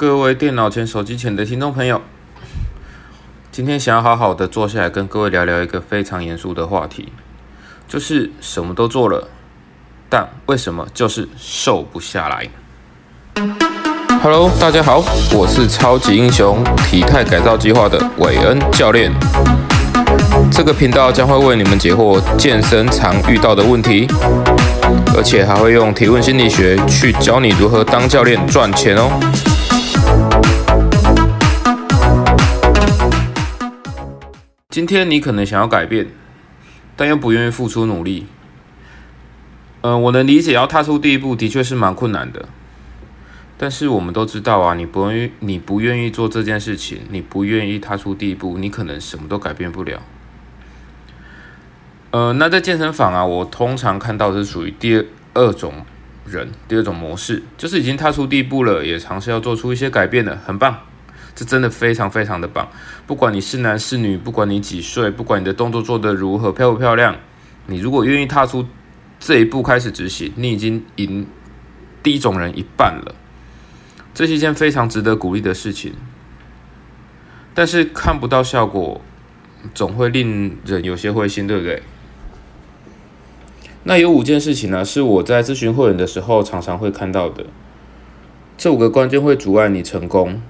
各位電腦前、手機前的聽眾朋友，今天想要好好的坐下來跟各位聊聊一個非常嚴肅的話題，就是什麼都做了，但為什麼就是瘦不下來？Hello，大家好，我是超級英雄體態改造計劃的韋恩教練。這個頻道將會為你們解惑健身常遇到的問題，而且還會用提問心理學去教你如何當教練賺錢哦。今天你可能想要改變，但又不願意付出努力。嗯、呃，我能理解，要踏出第一步的確是蠻困難的。但是我們都知道啊，你不願意，你不願意做這件事情，你不願意踏出第一步，你可能什麼都改變不了。呃，那在健身房啊，我通常看到是屬於第二,二種人，第二種模式，就是已經踏出第一步了，也嘗試要做出一些改變的，很棒。這真的非常非常的棒，不管你是男是女，不管你幾歲，不管你的動作做得如何，漂不漂亮，你如果願意踏出這一步開始執行，你已經贏第一種人一半了。這是一件非常值得鼓勵的事情。但是看不到效果，總會令人有些灰心，對不對？那有五件事情呢，啊，是我在諮詢會員的時候常常會看到的，這五個關鍵會阻礙你成功。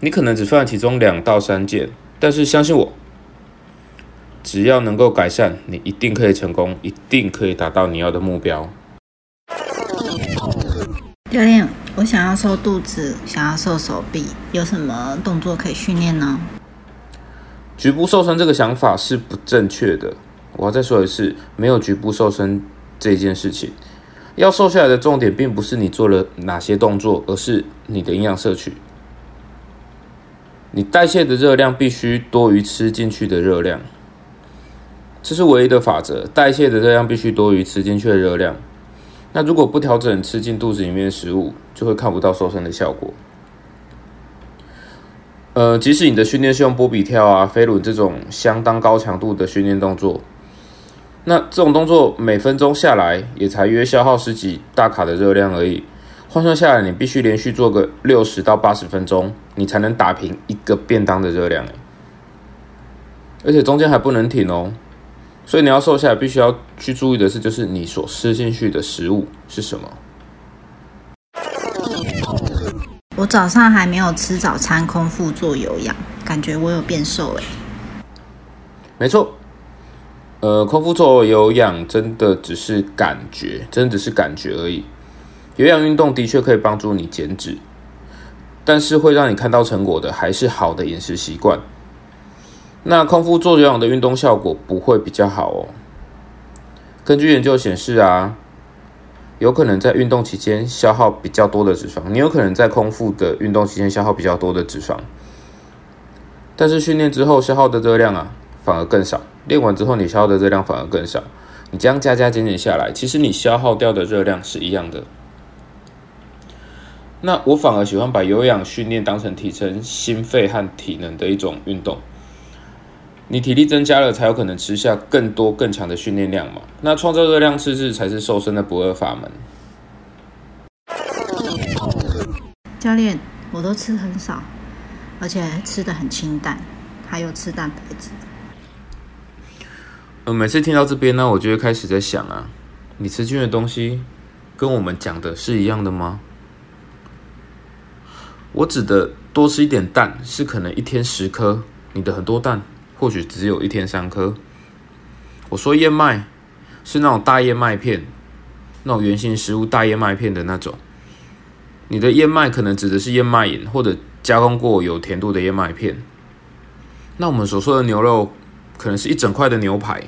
你可能只放在其中兩到三件，但是相信我，只要能夠改善，你一定可以成功，一定可以達到你要的目標。教練，我想要瘦肚子，想要瘦手臂，有什麼動作可以訓練呢？局部瘦身這個想法是不正確的。我要再說一次，沒有局部瘦身這件事情。要瘦下來的重點並不是你做了哪些動作，而是你的營養攝取。你代謝的熱量必須多於吃進去的熱量，這是唯一的法則。代謝的熱量必須多於吃進去的熱量。那如果不調整吃進肚子裡面的食物，就會看不到瘦身的效果。呃，即使你的訓練是用波比跳啊、飛輪這種相當高強度的訓練動作，那這種動作每分鐘下來也才約消耗十幾大卡的熱量而已。換算下來，你必須連續做個六十到八十分鐘，你才能打平一個便當的熱量，而且中間還不能停哦。所以你要瘦下來，必須要去注意的是，就是你所吃進去的食物是什麼。我早上還沒有吃早餐，空腹做有氧，感覺我有變瘦哎、欸。沒錯，呃，空腹做有氧真的只是感覺，真的只是感覺而已。有氧運動的確可以幫助你減脂，但是會讓你看到成果的還是好的飲食習慣。那空腹做有氧的運動效果不會比較好哦。根據研究顯示啊，有可能在運動期間消耗比較多的脂肪，你有可能在空腹的運動期間消耗比較多的脂肪，但是訓練之後消耗的熱量啊反而更少。練完之後你消耗的熱量反而更少，你這樣加加減減下來，其實你消耗掉的熱量是一樣的。那我反而喜歡把有氧訓練當成提升心肺和體能的一種運動。你體力增加了，才有可能吃下更多更強的訓練量嘛。那創造熱量赤字才是瘦身的不二法門。教練，我都吃很少，而且吃的很清淡，還有吃蛋白質。呃，每次聽到這邊呢、啊，我就會開始在想啊，你吃進的東西跟我們講的是一樣的嗎？我指的多吃一點蛋，是可能一天十顆；你的很多蛋，或許只有一天三顆。我說燕麥是那種大燕麥片，那種原型食物、大燕麥片的那種。你的燕麥可能指的是燕麥飲，或者加工過有甜度的燕麥片。那我們所說的牛肉，可能是一整塊的牛排；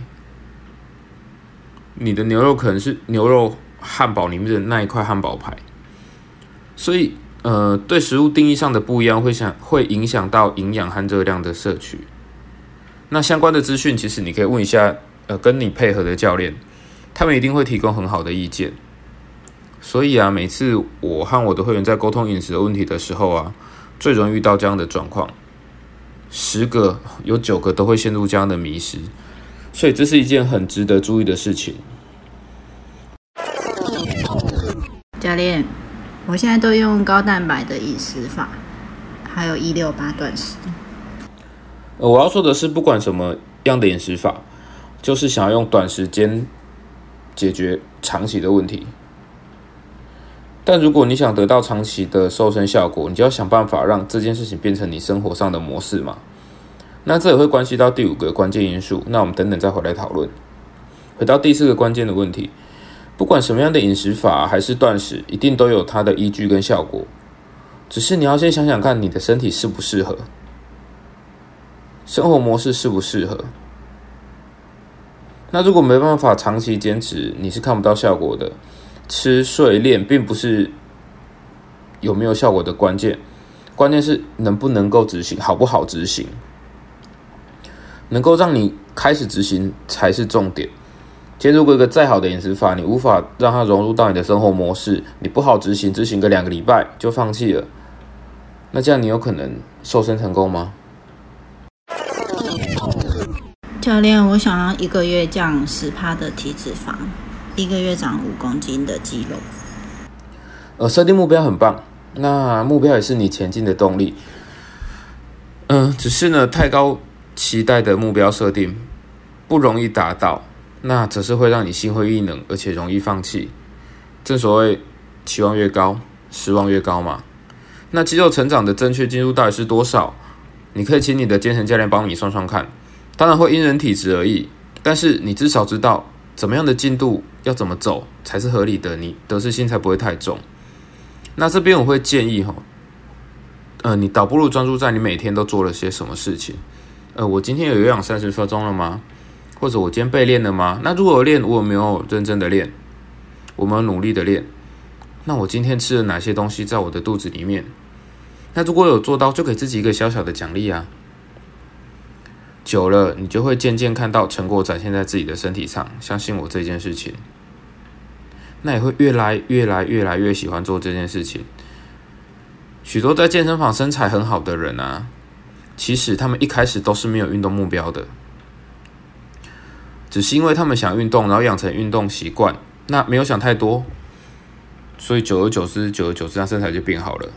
你的牛肉可能是牛肉漢堡裡面的那一塊漢堡排。所以。呃，對食物定義上的不一樣，會想會影響到營養和熱量的攝取。那相關的資訊，其實你可以問一下，呃，跟你配合的教練，他們一定會提供很好的意見。所以啊，每次我和我的會員在溝通飲食的問題的時候啊，最容易遇到這樣的狀況，十個有九個都會陷入這樣的迷思。所以這是一件很值得注意的事情。教練。我現在都用高蛋白的飲食法，還有一六八斷食。我要說的是，不管什麼樣的飲食法，就是想要用短時間解決長期的問題。但如果你想得到長期的瘦身效果，你就要想辦法讓這件事情變成你生活上的模式嘛。那這也會關係到第五個關鍵因素，那我們等等再回來討論。回到第四個關鍵的問題。不管什麼樣的飲食法還是斷食，一定都有它的依據跟效果。只是你要先想想看，你的身體適不適合，生活模式適不適合。那如果沒辦法長期堅持，你是看不到效果的。吃睡練並不是有沒有效果的關鍵，關鍵是能不能夠執行，好不好執行，能夠讓你開始執行才是重點。其實，如果一個再好的飲食法，你無法讓它融入到你的生活模式，你不好執行，執行個兩個禮拜就放棄了，那這樣你有可能瘦身成功嗎？教練，我想要一個月降十趴的體脂肪，一個月長五公斤的肌肉。呃，設定目標很棒，那目標也是你前進的動力。嗯、呃，只是呢，太高期待的目標設定不容易達到。那則是會讓你心灰意冷，而且容易放棄。正所謂期望越高，失望越高嘛。那肌肉成長的正確進度到底是多少？你可以請你的健身教練幫你算算看。當然會因人體質而異，但是你至少知道怎麼樣的進度要怎麼走才是合理的，你得失心才不會太重。那這邊我會建議吼：呃，你倒不如專注在你每天都做了些什麼事情。呃，我今天有有氧三十分鐘了嗎？或者我今天被練了嗎？那如果練，我有沒有認真的練？我們努力的練，那我今天吃了哪些東西在我的肚子裡面？那如果有做到，就給自己一個小小的獎勵啊！久了，你就會漸漸看到成果展現在自己的身體上。相信我這件事情，那也會越來越來越來越喜歡做這件事情。許多在健身房身材很好的人啊，其實他們一開始都是沒有運動目標的。只是因為他們想運動，然後養成運動習慣，那沒有想太多，所以久而久之，久而久之，他身材就變好了。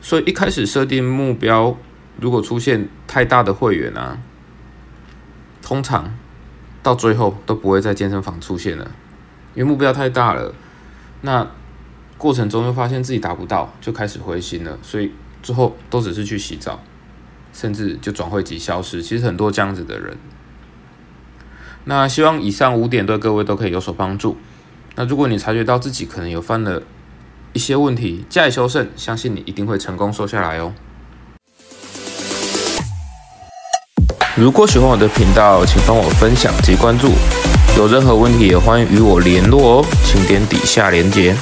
所以一開始設定目標，如果出現太大的會員啊，通常到最後都不會在健身房出現了，因為目標太大了。那過程中又發現自己達不到，就開始灰心了，所以最後都只是去洗澡，甚至就轉會籍消失。其實很多這樣子的人。那希望以上五點對各位都可以有所幫助。那如果你察覺到自己可能有犯了一些問題，加以修正，相信你一定會成功瘦下來哦。如果喜歡我的頻道，請幫我分享及關注。有任何問題也歡迎與我聯絡哦，請點底下連結。